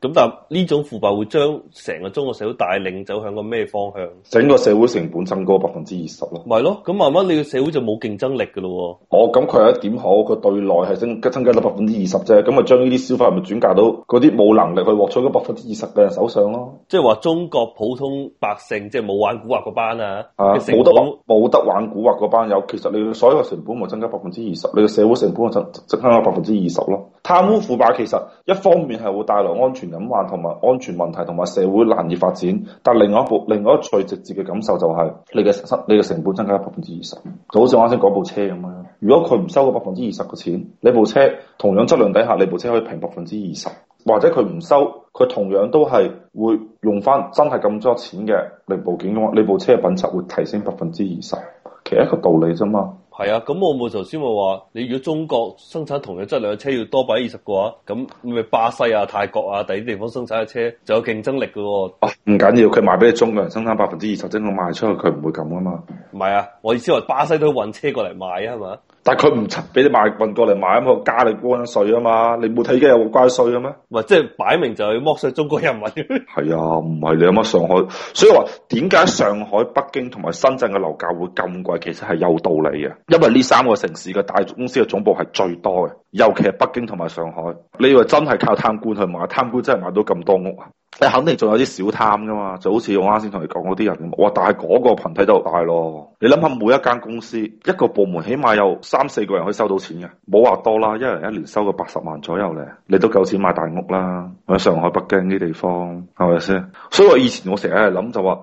咁但係呢種腐敗會將成個中國社會帶領走向個咩方向？整個社會成本增高百分之二十咯。咪咯，咁慢慢你個社會就冇競爭力㗎咯。哦，咁佢有一點好，佢對內係增增加咗百分之二十啫，咁咪將呢啲消費咪轉嫁到嗰啲冇能力去獲取嗰百分之二十嘅人手上咯。即係話中國普通百姓即係冇玩古惑個班啊，冇得玩，冇得玩古惑個班有。其實你所有嘅成本咪增加百分之二十，你個社會成本係增增加百分之二十咯。貪污腐敗其實一方面係會帶來安全隱患同埋安全問題，同埋社會難以發展。但另外一部另外一最直接嘅感受就係、是、你嘅生你嘅成本增加百分之二十，就好似我啱先講部車咁樣。如果佢唔收個百分之二十嘅錢，你部車同樣質量底下，你部車可以平百分之二十，或者佢唔收，佢同樣都係會用翻真係咁多錢嘅零部件嘅話，你部車嘅品質會提升百分之二十，其實一個道理啫嘛。係啊，咁我冇頭先冇話，你如果中國生產同樣質量嘅車要多百二十嘅話，咁你咪巴西啊、泰國啊、第啲地方生產嘅車就有競爭力嘅喎。哦，唔緊要，佢賣俾你中國人生產百分之二十，即係我賣出去佢唔會咁啊嘛。唔係啊，我意思話巴西都搵車過嚟賣啊，係嘛。但佢唔俾你賣運過嚟買啊嘛，加你關稅啊嘛，你冇睇而家有關稅嘅咩？唔係，即係擺明就係剝削中國人民。係啊，唔係你諗下上海，所以話點解上海、北京同埋深圳嘅樓價會咁貴？其實係有道理嘅，因為呢三個城市嘅大公司嘅總部係最多嘅，尤其係北京同埋上海。你以為真係靠貪官去買？貪官真係買到咁多屋啊？你肯定仲有啲小貪㗎嘛，就好似我啱先同你講嗰啲人咁。哇！但係嗰個羣體都大咯，你諗下每一間公司一個部門，起碼有三四個人可以收到錢嘅，冇話多啦，一人一年收個八十萬左右咧，你都夠錢買大屋啦，喺上海、北京啲地方，係咪先？所以我以前我成日諗就話。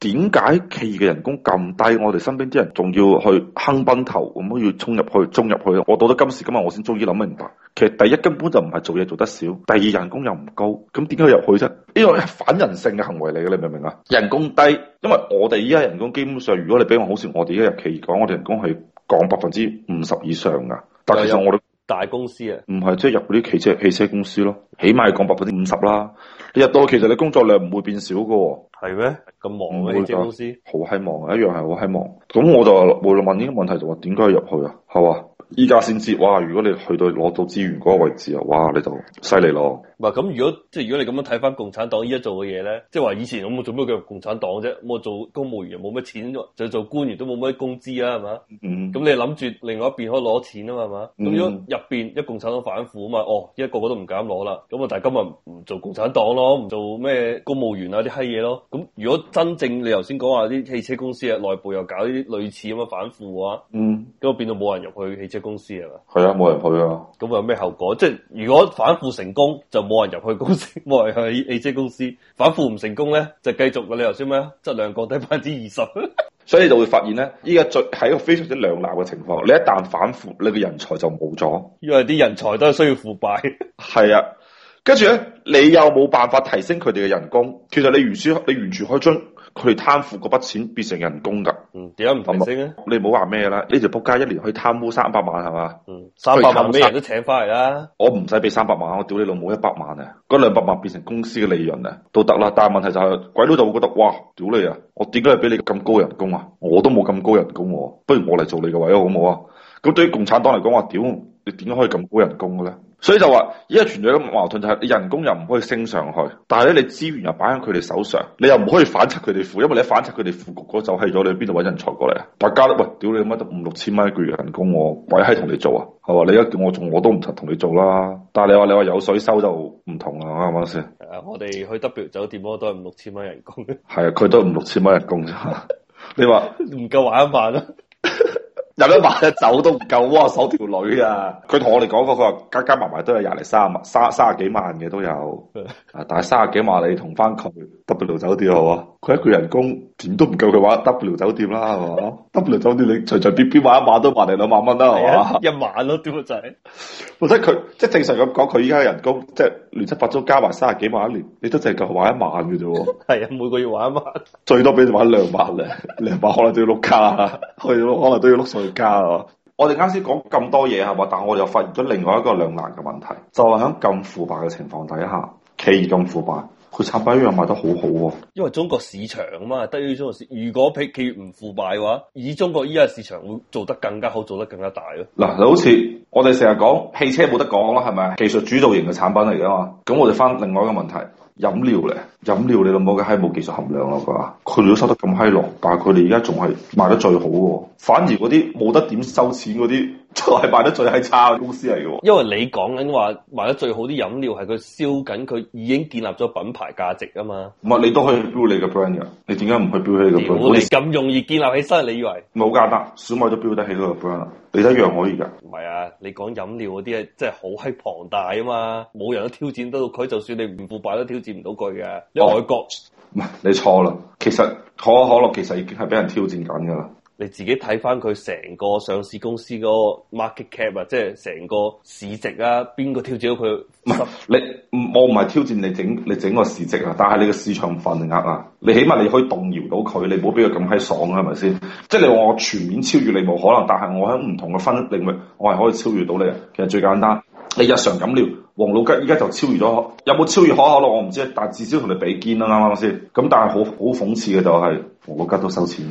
點解企業嘅人工咁低？我哋身邊啲人仲要去坑崩頭，咁樣要衝入去、衝入去。我到咗今時今日，我先終於諗明白。其實第一根本就唔係做嘢做得少，第二人工又唔高。咁點解入去啫？呢個係反人性嘅行為嚟嘅，你明唔明啊？人工低，因為我哋依家人工基本上，如果你俾我好似我哋一入企業講，我哋人工係降百分之五十以上噶。但係實我哋。大公司啊，唔係即係入嗰啲汽車汽車公司咯，起碼要降百分之五十啦。你入到其實你工作量唔會變少噶喎，係咩？咁忙啊，啊汽車公司好希望啊，一樣係好希望。咁我就無論問呢個問題，就話點解要入去啊？係哇？依家先知哇！如果你去到攞到資源嗰個位置啊，哇！你就犀利咯。咁，如果即係如果你咁樣睇翻共產黨依家做嘅嘢咧，即係話以前我做咩叫共產黨啫，我做公務員又冇乜錢，就做官員都冇乜工資啊，係嘛？咁、嗯、你諗住另外一邊可以攞錢啊嘛，係嘛？咁、嗯、如果入邊一共產黨反腐啊嘛，哦，依家個個都唔敢攞啦，咁啊，但係今日唔做共產黨咯，唔做咩公務員啊啲閪嘢咯。咁如果真正你頭先講話啲汽車公司啊，內部又搞啲類似咁嘅反腐啊，咁、嗯、變到冇人入去汽車公司係嘛？係啊，冇、嗯、人去啊。咁有咩後果？即係如果反腐成功就。冇人入去公司，冇人去 A. J. 公司，反腐唔成功咧，就繼續個你又先咩？質量降低百分之二十，所以你就會發現咧，依家最係一個非常之兩難嘅情況。你一旦反腐，你嘅人才就冇咗，因為啲人才都係需要腐敗。係啊，跟住咧，你又冇辦法提升佢哋嘅人工。其實你原先你完全可以追。佢哋貪腐嗰筆錢變成人工噶，點解唔清晰咧？你唔好話咩啦，呢條仆街一年可以貪污三百萬係嘛、嗯？三百萬咩人都請翻嚟啦，我唔使俾三百萬，我屌你老母一百萬啊！嗰兩百萬變成公司嘅利潤啊，都得啦。但係問題就係、是、鬼佬就會覺得哇，屌你啊！我點解要俾你咁高人工啊？我都冇咁高人工、啊，我不如我嚟做你嘅位好唔好啊？咁對於共產黨嚟講，話屌！你點可以咁高人工嘅咧？所以就話而家存在一個矛盾，就係你人工又唔可以升上去，但係咧你資源又擺喺佢哋手上，你又唔可以反拆佢哋付，因為你反拆佢哋付局，嗰個就係咗你邊度揾人才過嚟啊？大家都喂，屌你乜都五六千蚊一個月人工，我鬼閪同你做啊？係嘛？你而家叫我做，我都唔同同你做啦。但係你話你話有水收就唔同啦，啱唔啱先？誒，我哋去 W 酒店都係五六千蚊人工。係啊，佢都係五六千蚊人工啫 說。你話唔夠玩一萬啊？入一晚嘅酒都唔夠，哇手條女啊！佢同 我哋講過，佢話加加埋埋都有廿零三十萬、三三十幾萬嘅都有，啊！但係三十幾萬你同翻佢 W 酒店好啊？佢一個人工點都唔夠佢玩 W 酒店啦，係嘛 ？W 酒店你隨隨便便玩一晚都萬零兩萬蚊啦，係嘛？ 一萬咯，屌個仔， 或者佢即係正常咁講，佢依家嘅人工即係。亂七八糟加埋三十幾萬一年，你都淨係夠玩一晚嘅啫喎。係啊， 每個月玩一晚，最多俾你玩兩晚咧， 兩晚可能都要碌卡，可以碌，可能都要碌信用卡啊。 我哋啱先講咁多嘢係嘛？但係我又發現咗另外一個兩難嘅問題，就係喺咁腐敗嘅情況底下，企業咁腐敗。佢插把一樣賣得好好、啊、喎，因為中國市場啊嘛，低呢中國市。如果譬企業唔腐敗嘅話，以中國依家市場會做得更加好，做得更加大咯、啊。嗱，好似我哋成日講汽車冇得講咯，係咪？技術主導型嘅產品嚟噶嘛，咁我哋翻另外一個問題，飲料咧。飲料你老母嘅閪冇技術含量啊！佢話佢都收得咁閪落，但係佢哋而家仲係賣得最好喎。反而嗰啲冇得點收錢嗰啲，都係賣得最閪差嘅公司嚟嘅。因為你講緊話賣得最好啲飲料係佢燒緊，佢已經建立咗品牌價值啊嘛。唔係你都可以標你嘅 brand 嘅，你點解唔去標你嘅 brand？我哋咁容易建立起身、啊，你以為冇價得小米都標得起佢嘅 brand 啦？你一樣可以㗎。唔係啊，你講飲料嗰啲係真係好閪龐大啊嘛，冇人都挑戰得到佢。就算你唔腐敗都挑戰唔到佢嘅。外國唔係你錯啦，其實可口可樂其實已經係俾人挑戰緊噶啦。你自己睇翻佢成個上市公司嗰 market cap 啊，即係成個市值啊，邊個挑戰到佢？唔係你，我唔係挑戰你整你整個市值啊，但係你個市場份額啊，你起碼你可以動搖到佢，你唔好俾佢咁閪爽啊，係咪先？即係你話我全面超越你冇可能，但係我喺唔同嘅分領域，我係可以超越到你啊。其實最簡單，你日常飲料。王老吉依家就超越咗，有冇超越可口樂我唔知，但至少同你比肩啦，啱啱先？咁但係好好諷刺嘅就係，王老吉都收錢，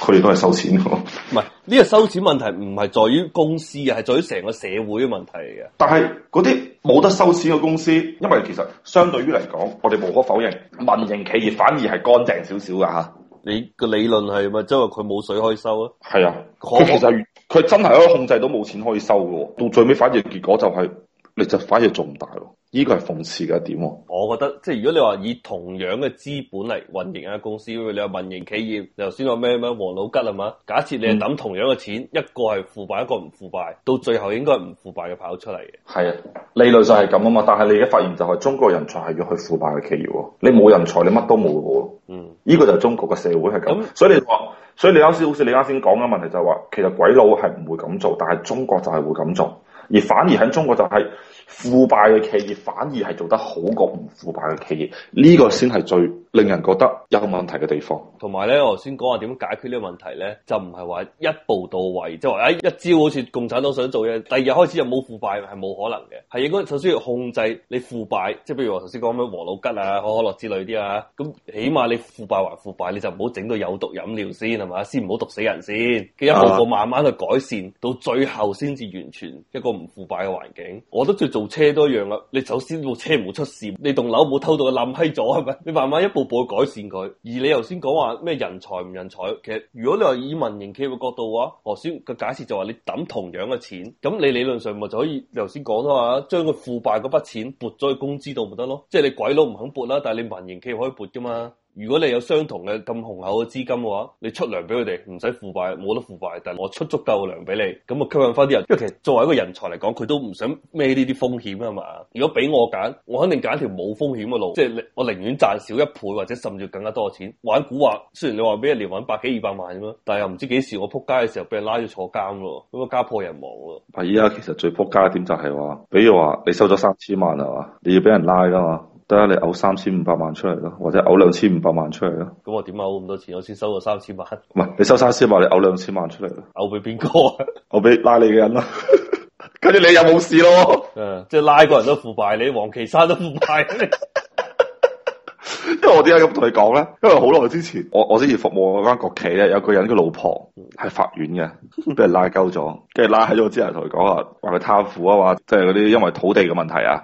佢 哋都係收錢。唔係呢個收錢問題，唔係在於公司，係在於成個社會嘅問題嘅。但係嗰啲冇得收錢嘅公司，因為其實相對於嚟講，我哋無可否認，民營企業反而係乾淨少少噶吓。你個理論係咪即係話佢冇水可以收啊？係啊，佢其實佢真係可以控制到冇錢可以收嘅，到最尾反而結果就係、是。你就反而做唔大咯？呢、這個係諷刺嘅一點、啊？我覺得即係如果你話以同樣嘅資本嚟運營一間公司，你話民營企業，頭先話咩咩王老吉啦嘛？假設你係抌同樣嘅錢，嗯、一個係腐敗，一個唔腐敗，到最後應該唔腐敗嘅跑出嚟嘅。係啊，理論上係咁啊，但係你而家發現就係中國人才係要去腐敗嘅企業，你冇人才，你乜都冇嘅。嗯，呢個就係中國嘅社會係咁、嗯。所以你話，所以你啱先好似你啱先講嘅問題就係話，其實鬼佬係唔會咁做，但係中國就係會咁做。而反而喺中國就係、是。腐敗嘅企業反而係做得好過唔腐敗嘅企業，呢個先係最令人覺得有問題嘅地方。同埋咧，我先講下點樣解決呢個問題咧，就唔係話一步到位，就話哎一朝好似共產黨想做嘅，第二日開始又冇腐敗係冇可能嘅，係應該首先要控制你腐敗，即係譬如話頭先講咩王老吉啊、可口可樂之類啲啊，咁起碼你腐敗還腐敗，你就唔好整到有毒飲料先係嘛，先唔好毒死人先，佢吧一步步慢慢去改善，到最後先至完全一個唔腐敗嘅環境。我都最重。部車都一樣啦，你首先部車唔好出事，你棟樓冇偷到佢冧閪咗係咪？你慢慢一步步去改善佢。而你頭先講話咩人才唔人才，其實如果你話以民營企業嘅角度嘅話，頭先嘅假設就話你抌同樣嘅錢，咁你理論上咪就可以頭先講啦，將佢腐敗嗰筆錢撥咗去工資度咪得咯？即係你鬼佬唔肯撥啦，但係你民營企業可以撥噶嘛？如果你有相同嘅咁雄厚嘅資金嘅話，你出糧俾佢哋，唔使腐敗，冇得腐敗，但係我出足夠嘅糧俾你，咁啊吸引翻啲人。因為其實作為一個人才嚟講，佢都唔想孭呢啲風險啊嘛。如果俾我揀，我肯定揀條冇風險嘅路，即係我寧願賺少一倍或者甚至更加多嘅錢。玩古惑，雖然你話俾人哋揾百幾二百萬咁樣，但係又唔知幾時我撲街嘅時候俾人拉咗坐監咯，咁啊家破人亡咯。而家其實最撲街嘅點就係、是、話，比如話你收咗三千萬啊嘛，你要俾人拉噶嘛。你嘔三千五百萬出嚟咯，或者嘔兩千五百萬出嚟咯。咁我點解嘔咁多錢？我先收個三千萬。唔係，你收三千萬，你嘔兩千萬出嚟咯。嘔俾邊個啊？嘔俾拉你嘅人咯、啊。跟 住你又冇事咯。 嗯，即係拉個人都腐敗，你王岐山都腐敗。 因為我點解咁同你講咧？因為好耐之前，我我之前服務嗰間國企咧，有個人嘅老婆係法院嘅，俾人拉鳩咗，跟住拉喺咗之後，同佢講話話佢貪腐啊，話即係嗰啲因為土地嘅問題啊，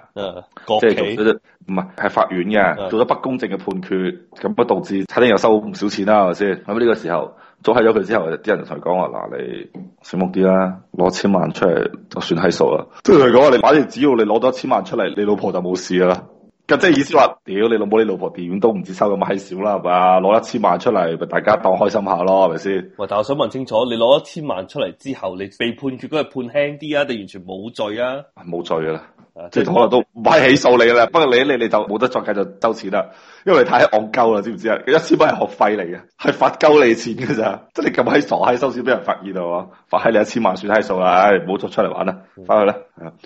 即係唔係係法院嘅，的做咗不公正嘅判決，咁不導致差啲又收唔少錢啦，係咪先？咁呢個時候早喺咗佢之後，啲人同佢講話，嗱，你醒目啲啦，攞千萬出嚟， 就算係數啦。即係佢講話，你反正只要你攞多千萬出嚟，你老婆就冇事啦。咁即係意思話，屌你老母，你老婆電影院都唔知收咁閪少啦，係咪？攞一千萬出嚟，咪大家當開心下咯，係咪先？喂，但我想問清楚，你攞一千萬出嚟之後，你被判決都係判輕啲啊，定完全冇罪啊？係冇罪啦。即係可能都唔係起訴你啦，不過你你你就冇得再繼續收錢啦，因為你太戇鳩啦，知唔知啊？一千蚊係學費嚟嘅，係罰鳩你錢嘅咋，即係咁閪傻閪收錢俾人發現咯，罰閪你一千萬算閪數啦，唉、哎，唔好再出嚟玩啦，翻去啦。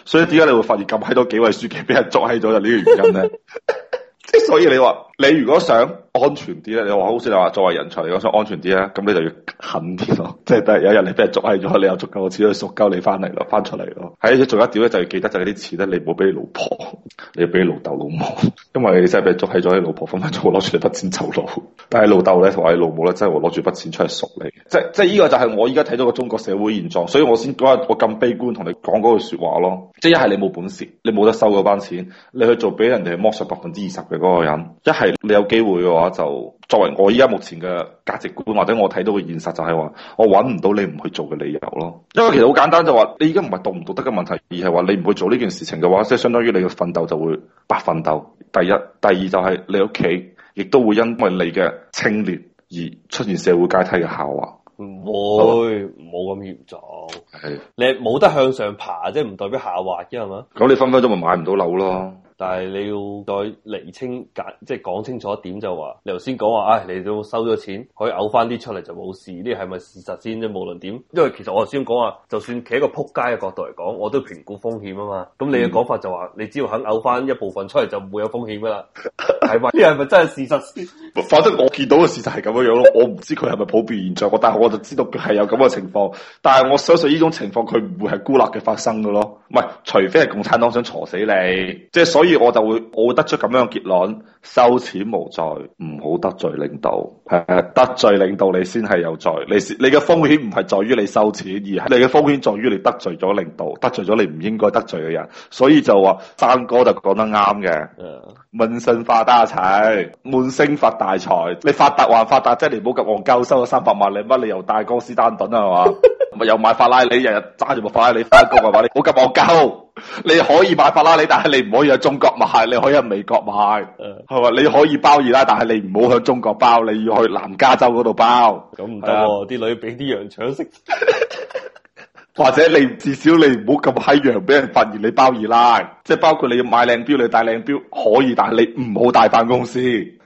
所以點解你會發現咁閪多紀委書記俾人捉閪咗就呢個原因咧？即係 所以你話。你如果想安全啲咧，你話好似你話作為人才嚟講想安全啲咧，咁你就要狠啲咯，即係第日有日你俾人捉起咗，你有足夠嘅錢去贖救你翻嚟咯，翻出嚟咯。喺仲有一點咧，就要記得就係啲錢咧，你唔好俾你老婆，你要俾你老豆老母，因為你真係俾捉起咗，你老婆分分鐘攞住筆錢走佬，但係老豆咧同埋你老母咧真係會攞住筆錢出嚟贖你，即係即係呢個就係我依家睇到個中國社會現狀，所以我先嗰個我咁悲觀同你講嗰句說話咯，即係一係你冇本事，你冇得收嗰班錢，你去做俾人哋剝削百分之二十嘅嗰個人，一係。係你有機會嘅話，就作為我依家目前嘅價值觀，或者我睇到嘅現實就，就係話我搵唔到你唔去做嘅理由咯。因為其實好簡單就，就話你而家唔係道唔道德嘅問題，而係話你唔去做呢件事情嘅話，即係相當於你嘅奮鬥就會白奮鬥。第一，第二就係你屋企亦都會因為你嘅清廉而出現社會階梯嘅下滑。唔會，會，冇咁吧嚴重。係是你冇得向上爬，即係唔代表下滑嘅係嘛？咁你分分鐘咪買唔到樓咯。但係你要再厘清，解即係講清楚一點就，就話你頭先講話，唉，你都收咗錢，可以嘔翻啲出嚟就冇事，呢係咪事實先啫？無論點，因為其實我頭先講話，就算企喺個扑街嘅角度嚟講，我都評估風險啊嘛。咁你嘅講法就話，你只要肯嘔翻一部分出嚟，就唔會有風險啦。係咪？ 呢係咪真係事實先？ 反正我見到嘅事實係咁樣樣咯。我唔知佢係咪普遍現象，但係我就知道佢係有咁嘅情況。但係我相信呢種情況，佢唔會係孤立嘅發生嘅咯。唔係，除非係共產黨想鋤死你，即係所以我就會，我會得出咁樣嘅結論：收錢無罪，唔好得罪領導。係得罪領導，你先係有罪，你你嘅風險唔係在於你收錢，而係你嘅風險在於你得罪咗領導，得罪咗你唔應該得罪嘅人。所以就話，生哥就講得啱嘅。嗯 Yeah.，悶聲發大財，悶聲發大財。你發達還發達啫？你唔好咁戇鳩收咗三百萬，你乜你由大哥斯丹頓啊？係嘛？ 咪又買法拉，拉利，日日揸住部法拉利翻工係嘛？ 你唔好咁戇鳩，你可以買法拉利，但係你唔可以喺中國買，你可以喺美國買。係嘛？ 你可以包二奶，但係你唔好喺中國包，你要去南加州嗰度包。咁唔得，啲女俾啲羊腸食。或者你至少你唔好咁閪樣，俾人發現你包二奶，即係包括你要買靚表，你帶靚表可以，但係你唔好帶翻公司。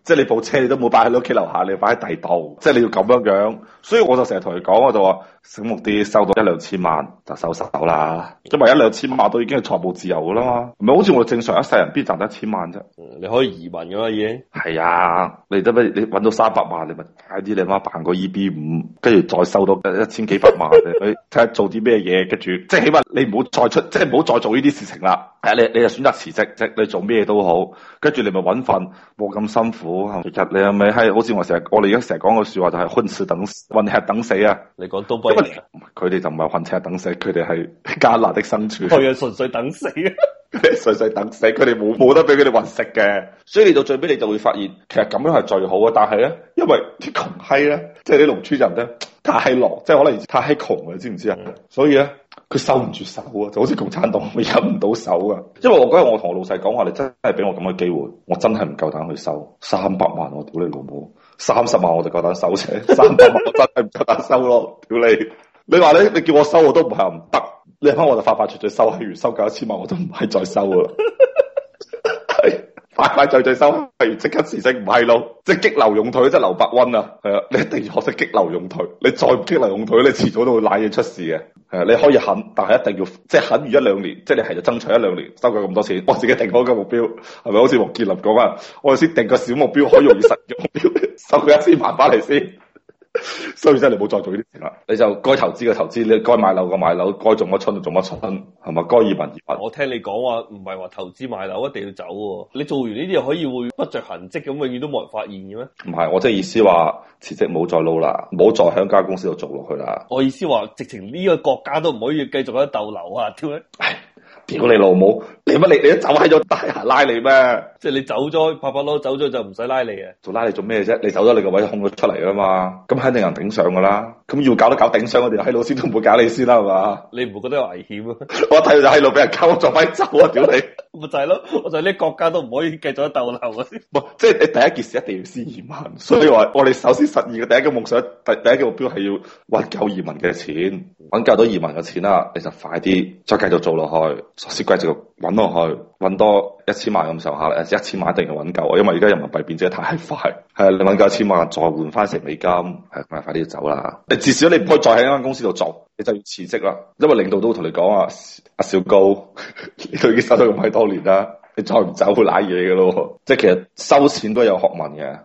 即係你部車你都冇擺喺你屋企樓下，你擺喺第度，即係你要咁樣樣。所以我就成日同佢講，我就話醒目啲，收到一兩千萬就收手啦。因為一兩千萬都已經係財務自由噶啦嘛，唔係好似我正常一世人邊賺得一千萬啫。你可以移民噶嘛已經？係啊，你得不你搵到三百萬，你咪快啲你媽辦個 EB5，跟住再收到一千幾百萬，你去睇下做啲咩嘢，跟住即係起碼你唔好再出，即係唔好再做呢啲事情啦。你你又選擇辭職，即你做咩都好，跟住你咪穩飯，冇咁辛苦。其實你係咪係好似我成日，我哋而家成日講個說話就係混吃等死。混吃等死啊？你講都不啱。佢哋就唔係混吃等死，佢哋係艱難的生存。佢係純粹等死啊！純粹等死，佢哋冇冇得俾佢哋混食嘅。所以你到最尾你就會發現，其實咁樣係最好啊。但係咧，因為啲窮閪咧，即係啲農村人咧，太落，即係可能太窮啦，你知唔知啊？嗯、所以咧。佢收唔住手啊，就好似共產黨佢忍唔到手啊！因為我嗰日我同我老細講話，你真係俾我咁嘅機會，我真係唔夠膽去收三百萬我屌你老母，三十萬我就夠膽收啫，三百萬我真係唔夠膽收咯，屌你！你話咧，你叫我收我都唔係唔得，你翻我就發發出去收，如收夠一千萬我都唔係再收啦。快快脆脆收，不如即刻辭職唔係咯？即激流勇退，即劉伯溫啊！係啊，你一定要學識激流勇退，你再唔激流勇退，你遲早都會瀨嘢出事嘅。係啊，你可以狠，但係一定要即狠於一兩年，即你係就爭取一兩年，收佢咁多錢。我自己定好個目標，係咪好似王健林講啊？我哋先定個小目標，好容易實現目標，收佢一千萬翻嚟先。所以真係唔好再做呢啲事啦，你就該投資嘅投資，你該買樓嘅買樓，該做乜春就做乜春，係咪？該移民移民。我聽你講話唔係話投資買樓一定要走喎，你做完呢啲又可以會不着痕跡咁，永遠都冇人發現嘅咩？唔係，我即係意思話辭職冇再撈啦，冇再喺間公司度做落去啦。我意思話，直情呢個國家都唔可以繼續喺度逗留啊，點解？屌你老母！你乜你你一走喺度大下拉你咩？即係你走咗，拍拍攞走咗就唔使拉你啊！仲拉你做咩啫？你走咗，你個位空咗出嚟噶嘛？咁肯定有人頂上噶啦！咁要搞都搞頂上，我哋喺老師都唔會搞你先啦，係嘛？你唔會覺得有危險啊？我睇到只喺度俾人溝，咗快走啊！屌你，咪就係咯！我就係呢個國家都唔可以繼續逗留啊！唔係，即係你第一件事一定要先移民，所以我話我哋首先實現嘅第一個夢想，第第一個目標係要挖夠移民嘅錢。搵夠到移民嘅錢啦，你就快啲再繼續做落去，先繼續搵落去，搵多 1, 1, 一千萬咁上下，一千萬一定係搵夠啊？因為而家人民幣變咗太快，係你搵夠一千萬再換翻成美金，係咁啊！快啲要走啦！你至少你唔可以再喺一間公司度做，你就要辭職啦。因為領導都會同你講啊，阿小高， 你都已經收咗咁閪多年啦，你再唔走會瀨嘢嘅咯。即係其實收錢都有學問嘅。